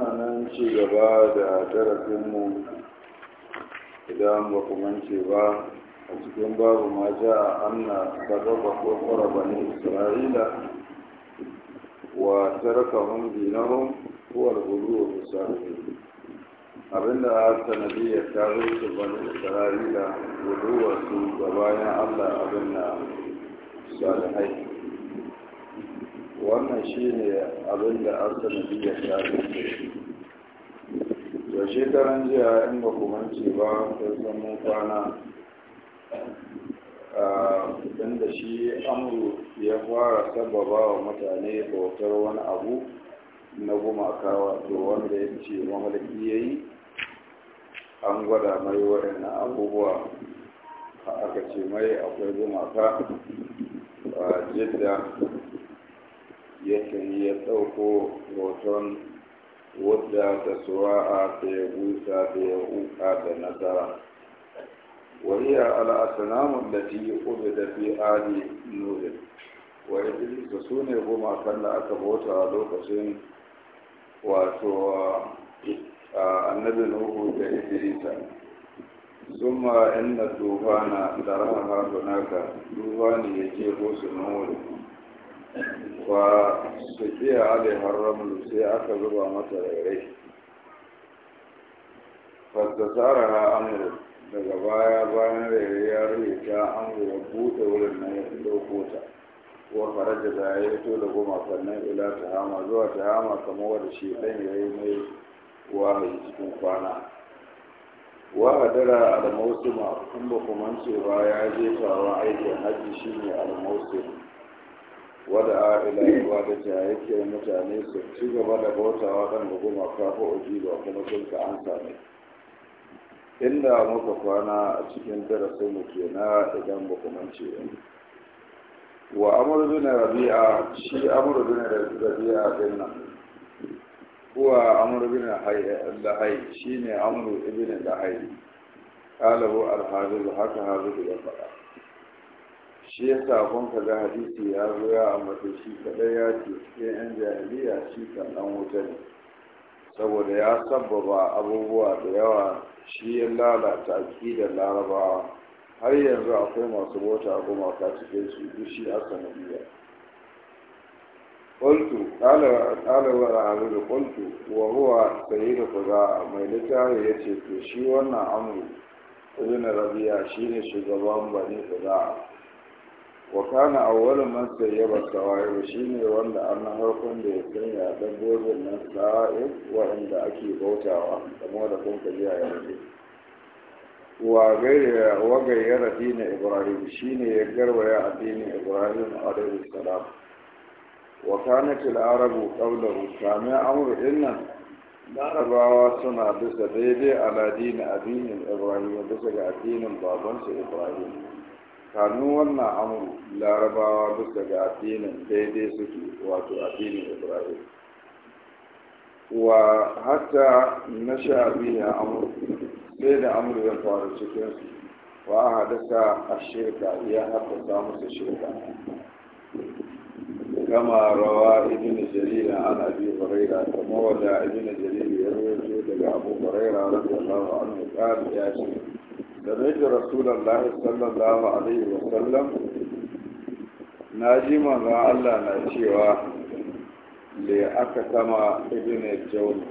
muna nan ci gaba da darasinmu idan ba ku mance ba a cikin babu ma ja a amna sababa ko kwara ne isra'ila wa tarakahum hun dinarun kowar guru wa musamman abinda a ya ta rushe bani isra'ila guduwa su gabayan allah abin na salihai wannan shi ne abin da biyar ta Ya da shekaran jiya in ba ce ba ta zama kwana inda shi amuru ya fara sababa wa mutane bautar wani abu na gumaka wato wanda ya ce mamalaki ya yi an gwada mai waɗannan abubuwa aka ce mai akwai gumaka a jidda ya ya ɗauko hoton wadda ta suwa'a ta ya gusa ta ya uka da nasara وهي lokacin التي عبد في آل نوح وإبليس سوني هما كان أكبوت لوكسين واتو النبي نوح وإبليس ثم إن ne ya هناك طوفان يجيب سنور Ba su kiya alai haramun sai aka zuba mata rairai fastasara na amuru daga baya bayan rairai ya rike ta amuru ya buɗe wurin na ya ɗauko ta wa faraja da ya fito da goma sannan ila ta hama zuwa ta hama kamar wanda shi ɗan ya yi mai wahayi cikin kwana wa hadara al-mawsim kuma ba kuma ce ba ya je taron aikin hajji shine al-mawsim wada ila ibadati a yake mutane su ci gaba da bautawa kan goma kafa ba kuma sun ka an sami. inda muka kwana a cikin darasin mu kenan idan ba kuma ce wa amru bin rabi'a shi amru bin rabi'a din nan Kuwa amru bin lahai shine amru ibn lahai qalahu al-hafiz haka hafiz ya faɗa shi ya sabon ka ga hadisi ya zo ya ambata shi kadai ya ce cikin yan jahiliya shi kan dan wuta ne saboda ya sabbaba abubuwa da yawa shi ya lalata da larabawa har yanzu akwai masu bota gumaka cikin su duk shi a sanadiyya قلت da قال وعبد قلت وهو da خزاعة mai littafi ya ce to shi wannan amru ibn rabi'a ne shugaban bani khuzaa wa kana awwalu man sayyaba shi ne wanda an harkon da ya sanya dabbobin nan sa'ib wa'anda ake bautawa kamar da kun kaji a yanzu wa gayyara dinin ibrahim shine ya garwaya addinin ibrahim alaihi salam wa kanat al-arabu qawluhu kana amru dinnan larabawa suna bisa daidai ala dinin ibrahim bisa ga addinin babansa ibrahim kanu wannan amuru larabawa bisa ga addinin daidai suke wato addinin ibrahim wa hatta na sha biya sai da amuru ya faru cikinsu wa a hadasa a shirka ya haddasa musu shirka كما روى ابن جرير عن ابي هريره كما وجاء ابن جرير daga abu hurairah radiyallahu anhu قال يا شيخ da rage rasulun sallallahu alaihi wasallam na ji manzan allah na cewa da aka sama ibina jauni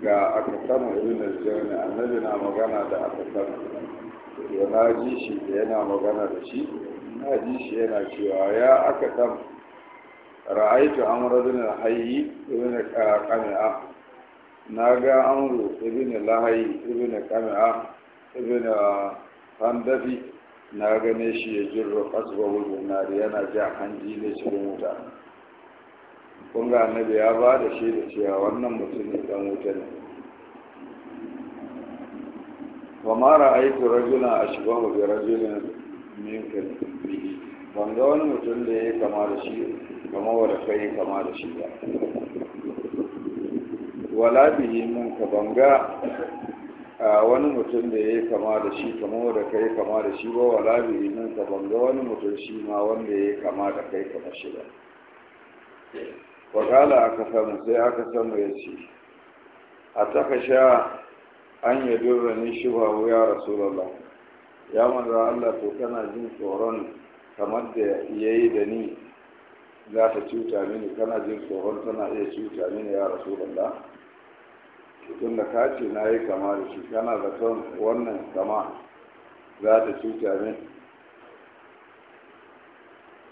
ga aka sama ibina jauni annabi na magana da aka sama da na ji shi yana magana da shi na ji shi yana cewa ya aka sama ra'aitu amradin alhayi ibina kami'a na ga amru ibina lahayi ibina kami'a ibn handafi na gane shi ya jirro asbahu nari yana ja hanji ne cikin wuta kun ga annabi ya ba da shi da cewa wannan mutumin dan wuta ne wa ma ra'aytu rajulan ashbahu bi rajulin min kalbihi ban ga wani mutum da ya kama da shi kama wanda kai kama da shi ba wala bihi mun ka banga wani mutum da ya yi kama da shi kama da kai kama da shi ba wa labiri nan ka banga wani mutum shi ma wanda ya yi kama da kai kama shi ba wakala aka samu sai aka samu ya ce a taka sha an yi dora ni shi ba ya rasulallah ya manza allah to kana jin tsoron kamar da ya yi da ni za ta cuta mini kana jin tsoron tana iya cuta mini ya rasulallah Tunda da ka ce na yi kama da shi kana da son wannan kama za ta cuta ne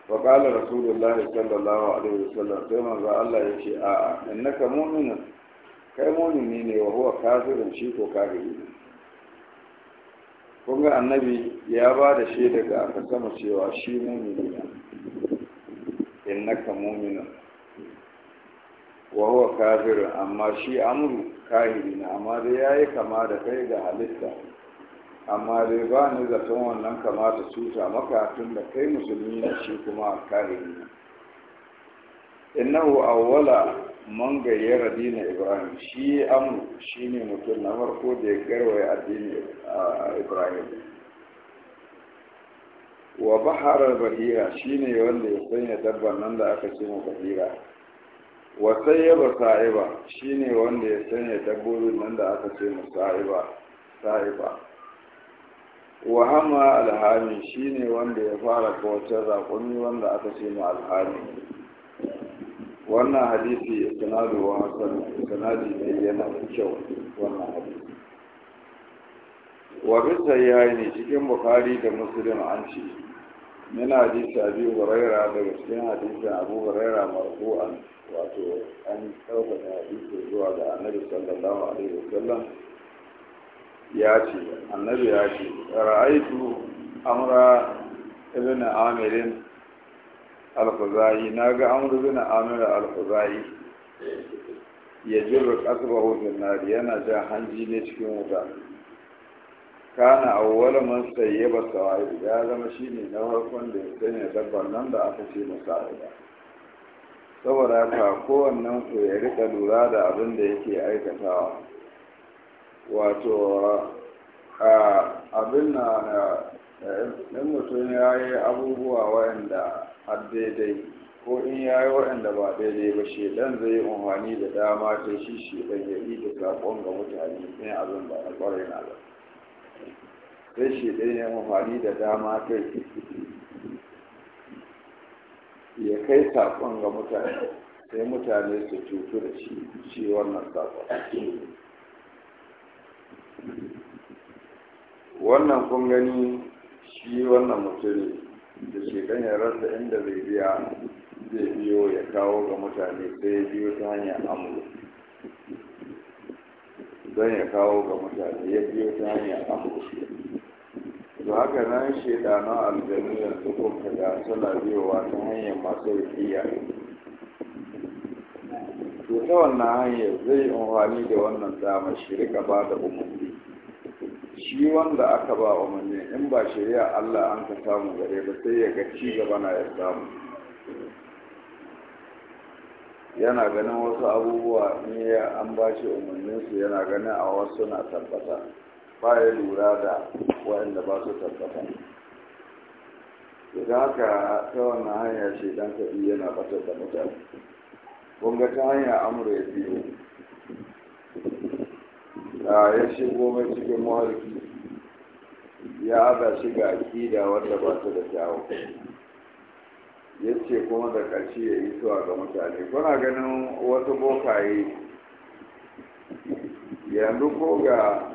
wa kala rasulullahi sallallahu alaihi wasallam sai manzo Allah ya ce a'a innaka mu'minun kai mu'mini ne wa huwa kafirun shi ko kafiri ne kun ga annabi ya ba da shaida ga aka sama cewa shi mu'mini ne innaka mu'minun wa huwa kafirin amma shi amru kahiri ne amma dai ya yi kama da kai ga halitta amma dai ba ni zaton wannan kamata cuta maka tun da kai musulmi ne shi kuma kahiri ne innahu awwala man gayyara dina ibrahim shi amru ne mutum na farko da ya garwaya addini ibrahim wa bahar bahira shine wanda ya sanya dabban nan da aka ce mu bahira wasayyaba sa'iba shine wanda ya sanya dabbobin nan da aka ce mu sa'iba wa hama alhami shine wanda ya fara kowace zakumi wanda aka ce mu alhami wannan hadisi sanadu wa hasan sanadi ne yana da kyau wannan hadisi wa bisa ne cikin bukhari da muslim an ce Yana hadisi abi hurairah daga cikin hadisi abu hurairah marfu'an wato an ɗauka ɗaukaka hadisi zuwa ga annabi sallallahu alaihi wasallam ya ce annabi ya ce ra'aitu amra ibn amirin al-khuzai ga amru ibn amir al-khuzai ya jirra kasbahu fil nar yana jan hanji ne cikin wuta kana awwala man sayyaba sa'id ya zama shine na farkon da ya sanya dabbar nan da aka ce masa sa'ida saboda haka kowannen ku ya rika lura da abin da yake aikatawa wato abin na ɗan mutum ya yi abubuwa waɗanda a daidai ko in ya yi waɗanda ba daidai ba shedan zai yi umarni da dama ta shi shedan ya yi da saƙon ga mutane sai abin ba na ƙwarai na ba sai shedan ya umarni da dama ta ya kai saƙon ga mutane sai mutane su cutu da shi shi wannan saƙon wannan kun gani shi wannan mutum da ke ya rasa inda zai biya zai biyo ya kawo ga mutane sai biyo ta hanyar amuru don ya kawo ga mutane ya biyo ta hanyar amuru to haka nan na aljanu yanzu kun kada suna biyowa ta hanyar masu rufiya to ta wannan hanyar zai amfani da wannan dama shi rika ba da umarni shi wanda aka ba umarni in ba shari'a Allah an ka samu gare ba sai ya ga ci gaba na ya samu yana ganin wasu abubuwa ne an ba shi umarninsu yana ganin a wasu na tabbata baya lura da waɗanda ba su tabbata idan haka ta wannan hanya ce dan kaɗi yana batar da mutane kunga ta hanya amur ya biyo da ya shigo mai cikin mawarki ya haɗa shi ga aƙida wanda ba ta da kyawu ya ce kuma da ƙarshe ya yi suwa ga mutane kuna ganin wasu bokaye yanzu ko ga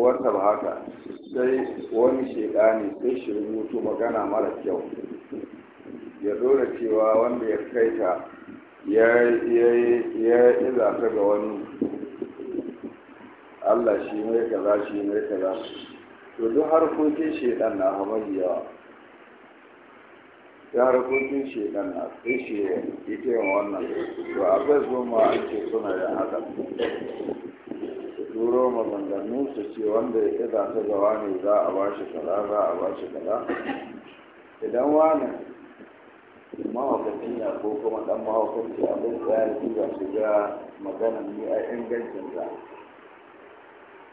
wata ba haka sai wani ne, sai shi rubutu magana mara kyau ya dora cewa wanda ya kai ta ya yi ta ga wani allah shi mai kaza shi mai kaza to duk harkokin shedan na hama yawa ya harkokin shedan na sai shi ya ita yin wannan to a bai zo ma ake suna da haka turo maganganu su ce wanda ya ƙiza ta gawa ne za a ba shi kaza za a ba shi kaza idan wani mahaukaci ya ko kuma ɗan mahaukaci abin tsari duba su ga maganan ni a ingancin za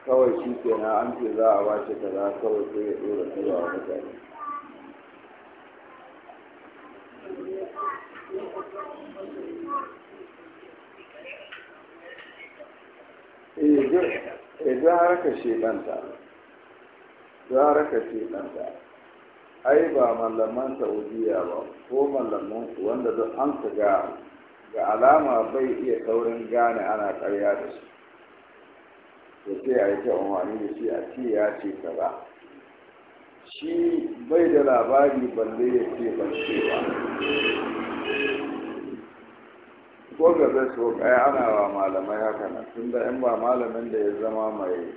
kawai shi kenan an ce za a ba shi kaza kawai sai ya ɗora zuwa mutane don harkar shekanta ai ba malaman saudiya ba ko mallamanku wanda duk an ka ga ga alama bai iya saurin gane ana karya da su da sai a yi ta umarni da shi a ce ya ce kaza shi bai da labari balle ya ce ban ce ba ko ga zai so kai ana wa malamai haka nan tun da in ba malamin da ya zama mai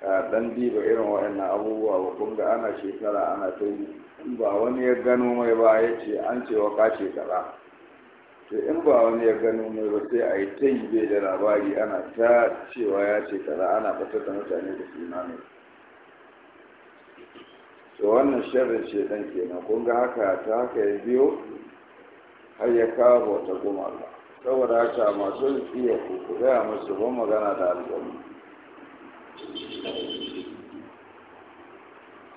dan diba irin wa'annan abubuwa ba kun ga ana shekara ana ta yi in ba wani ya gano mai ba ya ce an ce wa ka shekara to in ba wani ya gano mai ba sai a yi ta yi bai da labari ana ta cewa ya shekara ana fitar da mutane da suna ne to wannan sharrin dan kenan kun ga haka ta haka ya biyo har ya kawo ta goma Allah saboda haka masu iya ku gaya musu ban magana da aljanu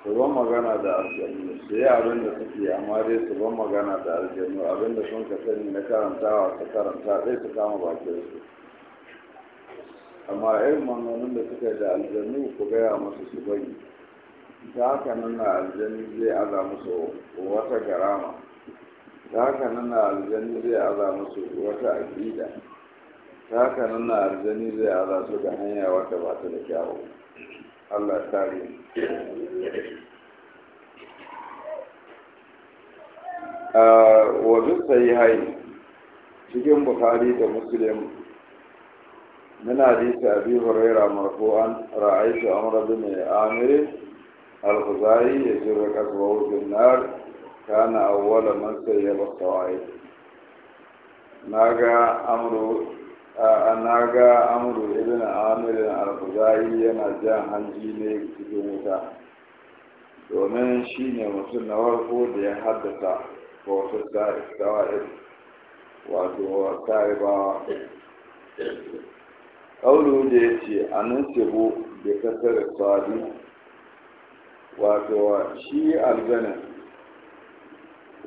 su ban magana da aljanu su yi abin da suke amma dai su ban magana da aljanu abin da sun ka sani na karantawa ta karanta sai su kama bakin su amma irin manonin da suka da aljanu ku gaya musu su bari ta haka nan na aljanu zai aza musu wata garama ta haka nan aljani zai aza musu wata aƙida ta haka nan aljani zai aza su ga hanya wata ba ta da kyawu allah tare a wajen ta yi hain cikin bukari da musulun muna da isa abi huraira marfu'an ra'aisu amra bin amirin al-huzari ya shirya kasuwa wajen Nari. kana awwala man sayyaba sawai naga amru naga amru ibn amir al-khuzai yana jan hanji ne cikin wuta domin shi ne mutum na farko da ya haddasa bautar sa'ir wato sa'ibawa ƙauru da ya ce a nan sebo da kasar sa'adu wato shi aljanin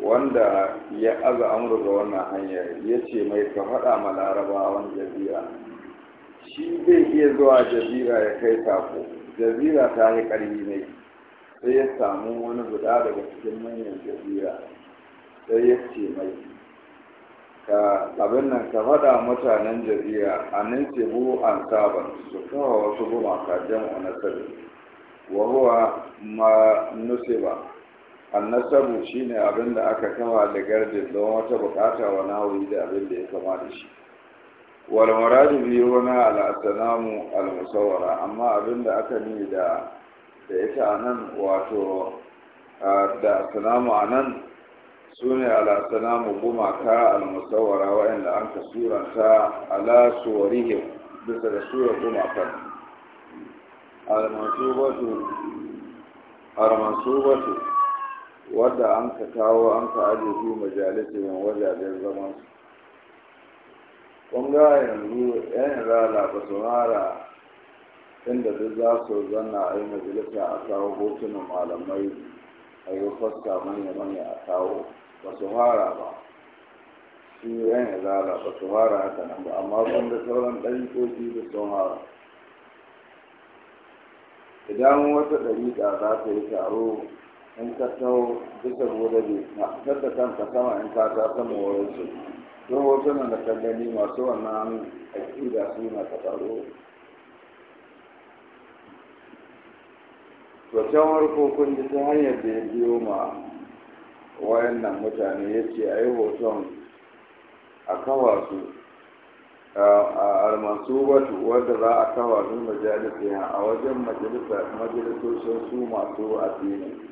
wanda ya aza amur ga wannan hanyar ya ce mai ka faɗa ma larabawan jazira shi zai iya zuwa jazira ya kai sako jazira ta yi ƙarfi ne sai ya samu wani guda daga cikin manyan jazira sai ya ce mai ka abin nan ka faɗa mutanen jazira a nan ce bu an saban su kawo wasu gumaka jam'a na sirri wa huwa ma nusiba annasabu shine abin da aka kama da gardin don wata bukata wa nawayi da abin da ya kama da shi wal muradu bi wana al asnamu al musawwara amma abin da aka ni da da ita anan wato da asnamu anan sune al asnamu gumaka al musawwara wa'anda an ka suranta ala suwarihim bisa da surar gumakan al mansubatu al mansubatu wadda an ka kawo an ka aje su majalisun wajajen zaman su kun ga yanzu yan rala ba su hara inda duk za su zanna a yi majalisa a kawo hotunan malamai a yi fasta manya-manya a kawo ba su hara ba shi yan rala ba su hara haka nan ba amma kun da sauran ɗariƙoƙi da sun hara idan wata ɗariƙa za ta yi taro in ka taho bisa gobe na fitar kanka sama in ka ta sama wurin su to hotunan da kan gani masu wannan aƙida su na ka taro to can warko kun ji ta hanyar da ya biyo ma wayannan mutane ya ce a yi hoton a kawa su a almasubatu wadda za a kawa su majalisiya a wajen majalisoshin su masu addini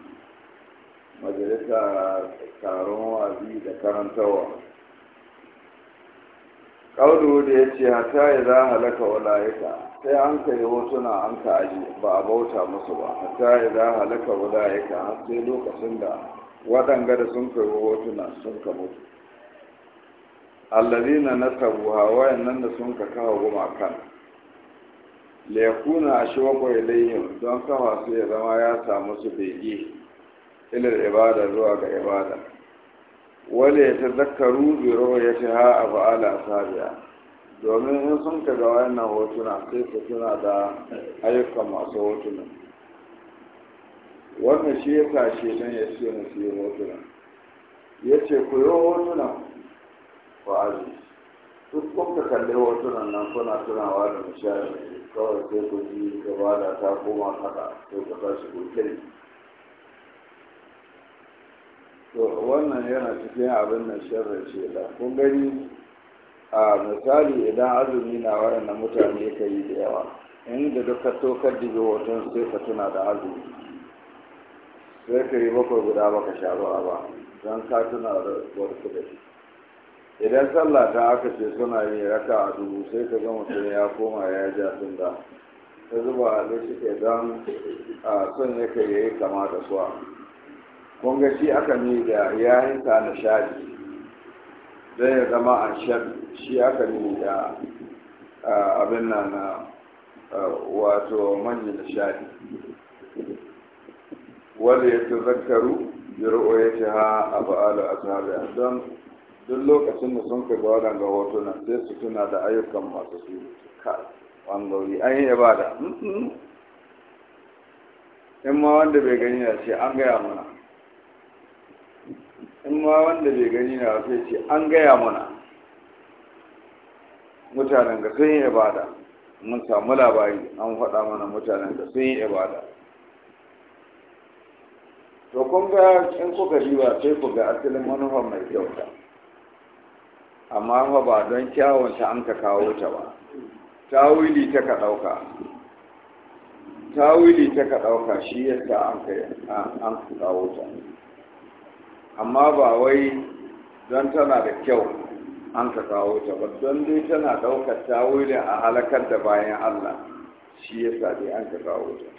majalisa taron wazi da karantawa kaudu da ya ce hata ya za halaka wala'ika sai an ka yi hotuna an ka aji ba a bauta musu ba hata ya za halaka wala'ika sai lokacin da waɗanga da sun kai hotuna sun ka mutu na nasabu hawayen nan da sun ka kawo a shi wakwai layin don kawa su ya zama ya samu su bege ilar ibada zuwa ga ibada wale ya ta zakaru biro ya ce ha a fa'ala sabiya domin in sun ka ga wannan hotuna sai su tuna da ayyukan masu hotuna wannan shi ya shi don ya ce mu yi hotuna ya ce ku yi hotuna ba a duk kun ka kalli hotunan nan kuna tunawa da nishadi kawai sai ku ji gaba da ta koma kaɗa sai ku tashi ku kirki wannan yana cikin abin nan ce da kun gani a misali idan azumi na waɗanda mutane ka yi da yawa inda duk ka tokar dibi hoton sai ka tuna da azumi sai ka yi bakwai guda baka sha ruwa ba don ka tuna da wasu da shi idan sallah ta aka ce suna yin raka a dubu sai ka ga mutum ya koma ya ja sun da ta zuba a lokaci idan a son ya kai ya yi kama da suwa kunga shi aka ne da yayin sa na shaɗi don ya zama an shaɗi shi aka ne da abin na na wato manyan na shaɗi wanda ya tazakaru biro ya ce ha abu alu ashabi don duk lokacin da sun kai waɗanda hotuna sai su tuna da ayyukan masu su ka wangori an yi ibada in ma wanda bai gani ya ce an gaya mana in ma wanda bai gani na wasu ce an gaya mana mutanen ga sun yi ibada mun samu labari an faɗa mana mutanen ga sun yi ibada to kun ga in kuka ba sai ku ga asalin manufar mai kyauta amma fa ba don kyawunta an ka kawo ta ba tawili ta ka ɗauka wili ta ka ɗauka shi yadda an ka kawo ta amma ba wai don tana da kyau an ka kawo ta ba don dai tana ɗaukar tawili a halakar da bayan Allah shi ya sa an ka kawo ta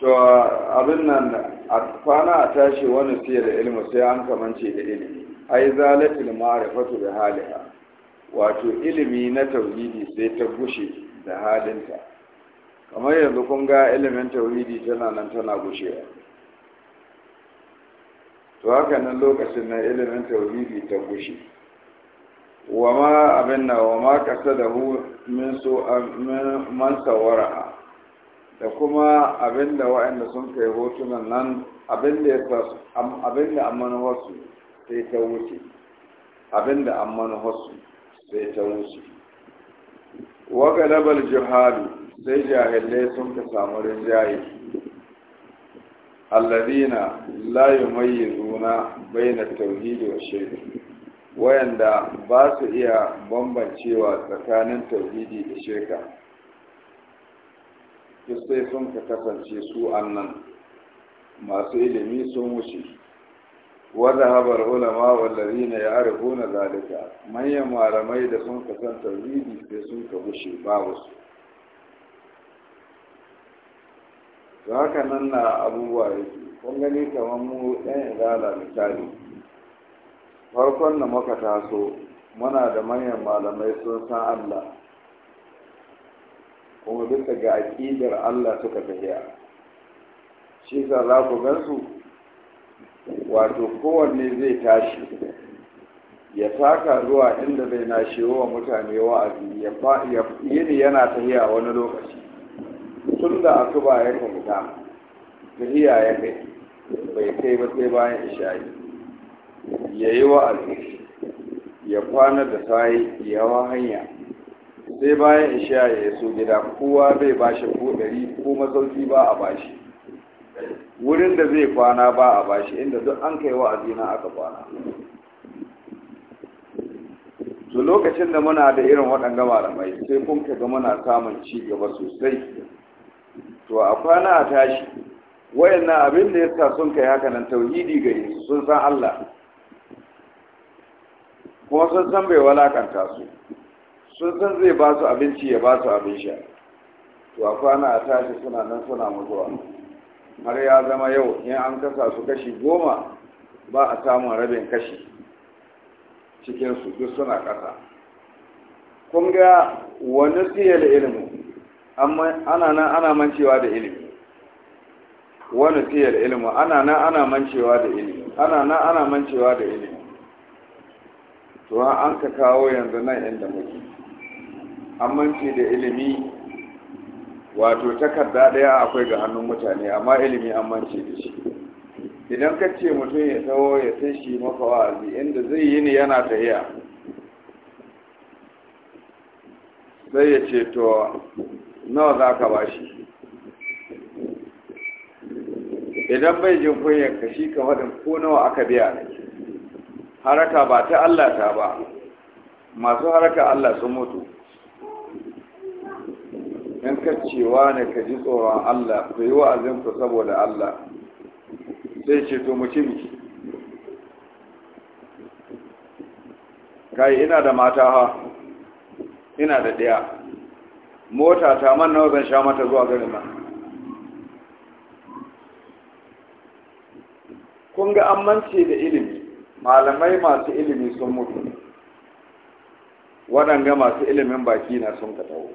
to abin nan a kwana a tashi wani siya da ilimi sai an kamance da ilimi ai zalatul ma'rifatu da haliha wato ilimi na tauhidi sai ta gushe da halinta kamar yanzu kun ga ilimin tauridi tana nan tana gushewa to haka nan lokacin na ilimin tauridi ta gushe wa ma abin na wa ma kasa da hu min so man sawara da kuma abin da wa'anda sun kai hotunan nan abin da ya sa abin da an wasu sai ta wuce abin da an wasu sai ta wuce wa galabar jihadu sai jahilai sun ka samu rinjaye alladina la yumayyizuna baina tauhidi wa shirki wayanda ba su iya bambancewa tsakanin tauhidi da shirka sai sun ka kasance su annan masu ilimi sun wuce wadda habar ulama wallazina ya arifuna zalika manyan malamai da sun kasan tauhidi sai sun ka wuce babu su Za haka nan na abubuwa yake kun gani kamar mu ɗan izala misali farkon na muka taso muna da manyan malamai sun san allah kuma bisa ga aƙidar allah suka tafiya shi sa za ku gansu wato kowanne zai tashi ya taka zuwa inda zai na wa mutane wa'azi ya yana tafiya wani lokaci tun da asuba ya kwanta ya kai bai kai ba sai bayan isha'i ya yi wa ya kwana da sayi ya wa hanya sai bayan isha ya so gida kowa zai bashi ko ɗari ko masauki ba a bashi wurin da zai kwana ba a bashi inda duk an kai wa na aka kwana to lokacin da muna da irin waɗanda malamai sai kun ga muna samun ci gaba sosai to a kwana a tashi wayannan abin da yasa sun kai haka nan tauhidi gare su sun san Allah kuma sun san bai walakanta su sun san zai ba su abinci ya ba su abin sha to a kwana a tashi suna nan suna mutuwa har ya zama yau in an kasa su kashi goma ba a samun rabin kashi cikinsu duk suna ƙasa kun ga wani siyar ilimin ana nan ana mancewa da ilimi wani siyar ilimi ana nan ana mancewa da ilimi ana nan ana mancewa da ilimi to an ka kawo yanzu nan inda muke an mance da ilimi wato takarda daya akwai ga hannun mutane amma ilimi an mance da shi idan ka ce mutum ya tawo ya sai shi maka wa'azi inda zai yi ne yana tahiya sai ya ce to nawa za ka ba shi idan bai jin kunyar ka shi ka faɗin ko nawa aka biya ne haraka ba ta Allah ta ba masu haraka Allah sun mutu in ka cewa ne ka ji tsoron Allah ku yi wa'azin saboda Allah sai ce to mu kai ina da mata ha ina da ɗaya mota ta manna wa zan sha mata zuwa garin ba kun ga amince da ilimi malamai masu ilimi sun mutu waɗanda masu ilimin baki na sun katawo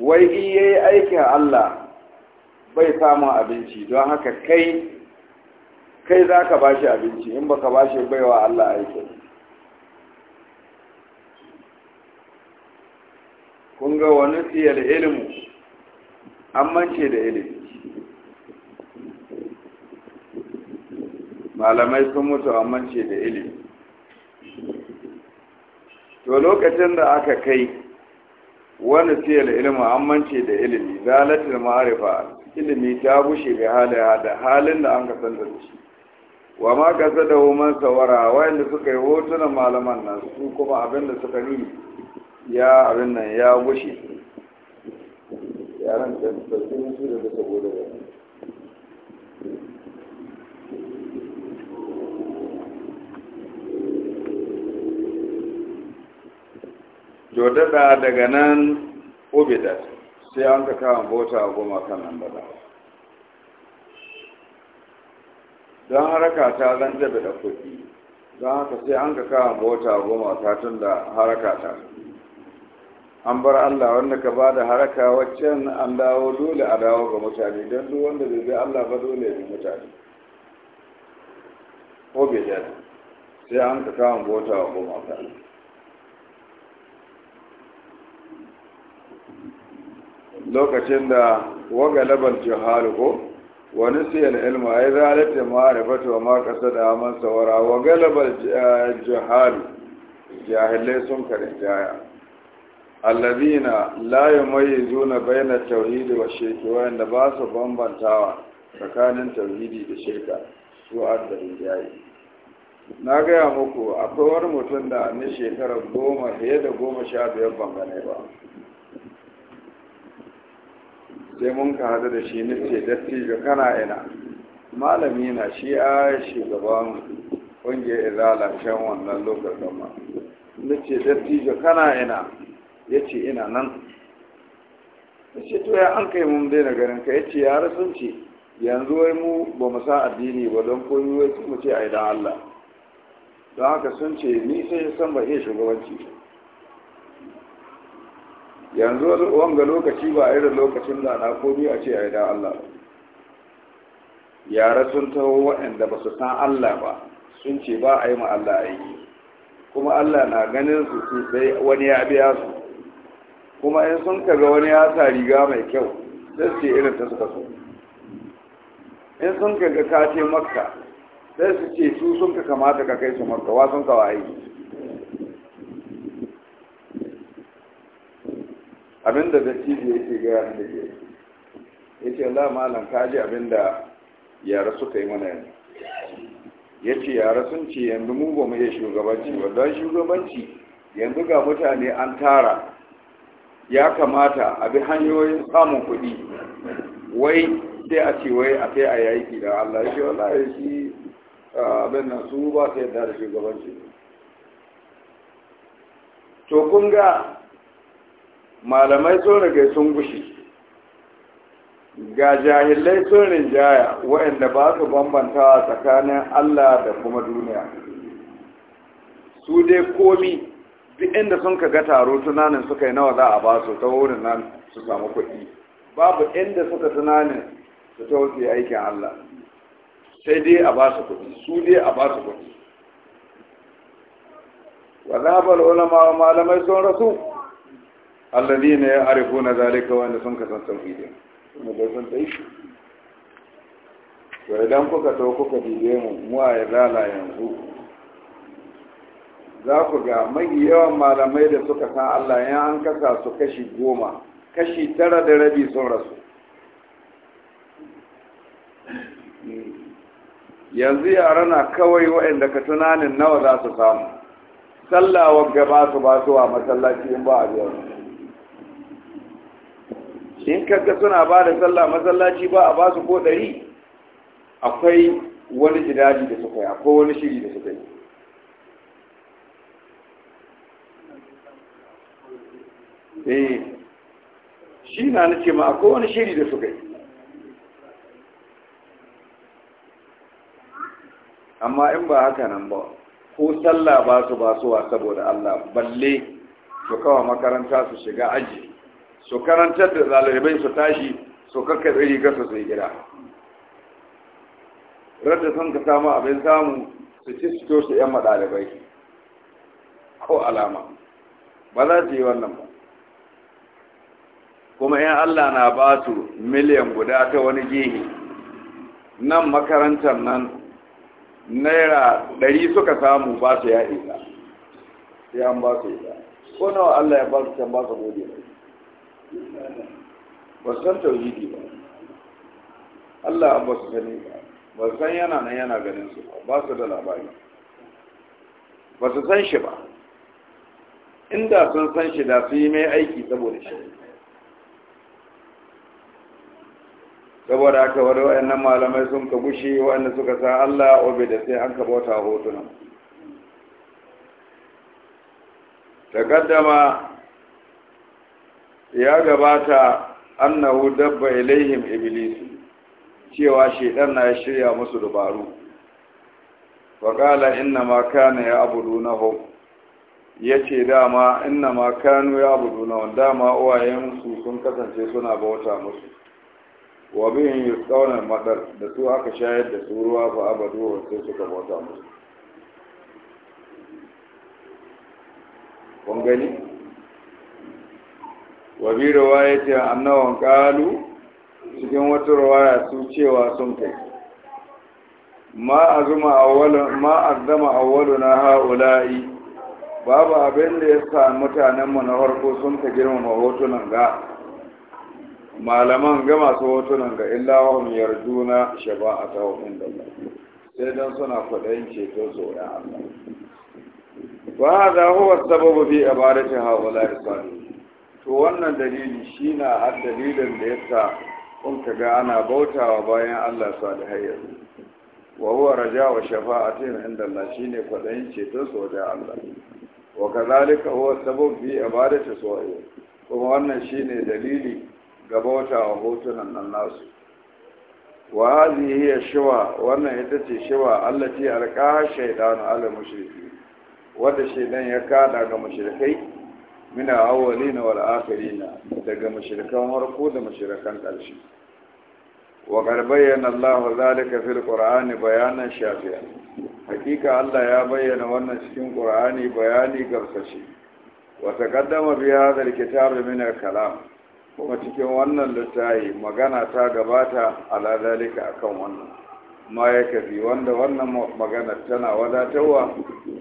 wai iya yi a Allah bai samun abinci don haka kai kai za ka bashi abinci in baka bashi baiwa Allah aikin kun ga wani siyar ilimu an mance da ilimi malamai sun mutu an mance da ilimi to lokacin da aka kai wani siyar ilimu an mance da ilimi zalatul ma'arifa ilimi ta bushe ga hali da halin da an kasan da shi wa ma kasa da man sawara wayanda suka yi hotunan malaman nan su kuma abinda suka nuni ya abin nan ya gushe yaran da sun su da saboda ba jodada daga nan obidat sai an ka kawo bauta goma kan nan bada don haraka ta zan jabe da kuɗi don haka sai an ka kawo bauta goma ta tun da haraka ta an bar Allah wanda ka ba da haraka waccan an dawo dole a dawo ga mutane don duk wanda zai bi Allah ba dole ya bi mutane ko bai da sai an ka kawo bota wa goma ka lokacin da waga labar jihar ko wani siyan a ya zalata ma'arifata wa ma kasa da aman sawara waga labar eh, jihar jahilai sun karin jaya allazina la yumayyizuna baina tauhid wa shirki inda ba su bambantawa tsakanin tauhidi da shirka su adda rinjaye na gaya muku akwai wani mutum da ni shekara goma fiye da goma sha biyar ban ba sai mun ka hadu da shi ce dattijo kana ina malami na shi a shugaban ƙungiyar izala shan wannan lokacin ma ce dattijo kana ina ya ce ina nan ya ce to ya an kai mun daina ganin ka ya ce ya rasun ce yanzu wai mu ba mu sa addini ba don komi wai mu ce a idan Allah don haka sun ce ni sai san ba iya shugabanci yanzu wanga lokaci ba a irin lokacin da na komi a ce a idan Allah yara sun taho waɗanda ba su san Allah ba sun ce ba a yi ma Allah aiki kuma Allah na ganin su sai wani ya biya su kuma in sun kaga wani ya sa riga mai kyau sai su ce irin ta suka so in sun kaga ka ce makka sai su ce su sun ka kamata ka kai su makka wa sun kawa aiki abinda da cibi ya ce gaya da ke ya ce Allah malam ka ji abinda yara suka yi mana yanzu ya ce yara sun ce yanzu mu ba mu iya shugabanci ba shugabanci yanzu ga mutane an tara ya kamata a bi hanyoyin samun kuɗi wai sai a ce wai a sai a yaƙi da Allah shi ya shi abin nan su ba su yadda da shugabanci to kun ga malamai sun rage sun gushi ga jahilai sun rinjaya waɗanda ba su bambantawa tsakanin Allah da kuma duniya su dai komi duk inda sun ka ga taro tunanin suka yi nawa za a ba su ta wurin nan su samu kuɗi babu inda suka tunanin su ta wuce aikin Allah sai dai a ba su kuɗi su dai a ba su kuɗi wazabar ulama malamai sun rasu Allah ne ya arifu na zalika wanda sun ka san tauhidin kuma ga sun tsaye to idan kuka to kuka bibe mu mu a yanzu za ku ga mafi yawan malamai da suka san Allah ya an kasa su kashi goma kashi tara da rabi sun rasu yanzu yara na kawai waɗanda ka tunanin nawa za su samu sallawar gaba su ba su a masallaci in ba a biyar in kaga suna ba da sallah masallaci ba a ba su ko ɗari akwai wani jidaji da suka yi akwai wani shiri da suka eh shi na nace ma akwai wani shiri da suka yi amma in ba haka nan ba ko sallah ba su ba wa saboda Allah balle su kawa makaranta su shiga aji su karantar da zalibai su tashi su kakkaɓe ga su sai gida radda sun ka samu abin samu su ci su to su yan madalibai ko alama ba za su yi wannan ba kuma in Allah na ba su miliyan guda ta wani jihi nan makarantar nan naira ɗari suka samu ba su ya isa sai an ba su isa ko nawa Allah ya ba su can ba su gode ba san tauhidi ba Allah an ba su gani ba ba san yana nan yana ganin su ba ba su da labari ba su san shi ba inda sun san shi da su yi mai aiki saboda shi saboda aka wani wayannan malamai sun ka gushi wayanda suka sa Allah obe da sai an ka bauta hotunan takaddama ya gabata annahu dabba ilaihim iblis cewa shedan na ya shirya musu dubaru wa qala inna ma kana ya'budunahu yace dama inna ma kanu ya'budunahu dama uwayen su sun kasance suna bauta musu wa bihin yusqawna madar da su aka shayar da su ruwa fa abadu sai suka bauta musu kun gani wa bi riwayati annawan qalu cikin wata riwaya su cewa sun kai ma azuma awwalan ma azama awwaluna haula'i babu abin da ya sa mutanenmu na farko sun ka girmama hotunan ga malaman ga masu hotunan ga illahun yarjuna shaba'a ta hukun da sai don suna kwaɗayin ceto tsoron Allah. Ba za huwa sababu fi a baratin haula isani. To wannan dalili shi na har dalilin da yasa kun ka ga ana bautawa bayan Allah da yanzu. Wa huwa raja wa cikin inda Allah shi ne kwaɗayin ceto tsoron Allah. Wa kazalika huwa sababu fi a baratin suwaye. Kuma wannan shi ne dalili Gaba wata a hotunan nan nasu wa hazi hiya shiwa wannan ita ce shiwa allati alqa shaytanu ala mushriki wanda shaidan ya kada ga mushrikai min al na wal akhirin daga mushrikan harko da mushrikan ƙarshe wa qad bayyana Allahu zalika fil Qur'ani bayanan shafi'a hakika Allah ya bayyana wannan cikin Qur'ani bayani gamsashi wa taqaddama bi hadha al-kitab min al-kalam kuma cikin wannan littafi magana ta gabata ala dalika akan wannan ma ya kafi wanda wannan magana tana wadatarwa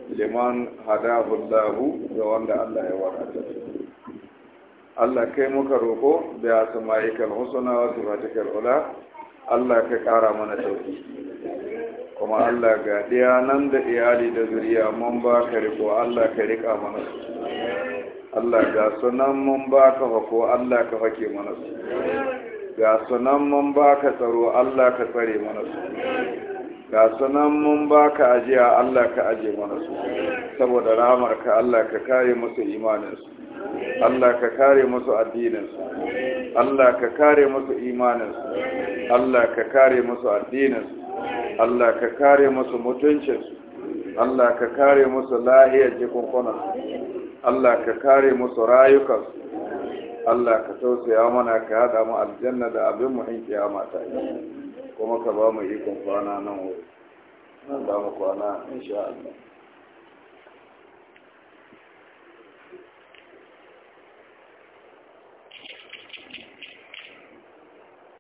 liman hadahullahu ga wanda Allah ya wadatar Allah kai muka roko da asma'ikal husna wa sifatikal ula Allah ka kara mana tauki kuma Allah ga diya nan da iyali da zuriya mun ba ka riko Allah ka rika mana Allah ga sunan mun baka hako Allah ka fake mana su ga sunan mun baka tsaro Allah ka tsare mana su ga sunan mun baka ajiya Allah ka aje mana su saboda ramar ka Allah ka kare musu imanin su Allah ka kare musu addinin su Allah ka kare musu imanin su Allah ka kare musu addinin su Allah ka kare musu mutuncin su Allah ka kare musu lahiyar jikunkunan su Allah ka kare musu rayukansu Allah ka tausaya mana ka hada mu aljanna da abin mu in kiyama ta kuma ka ba mu ikon kwana nan wuri ba mu kwana insha Allah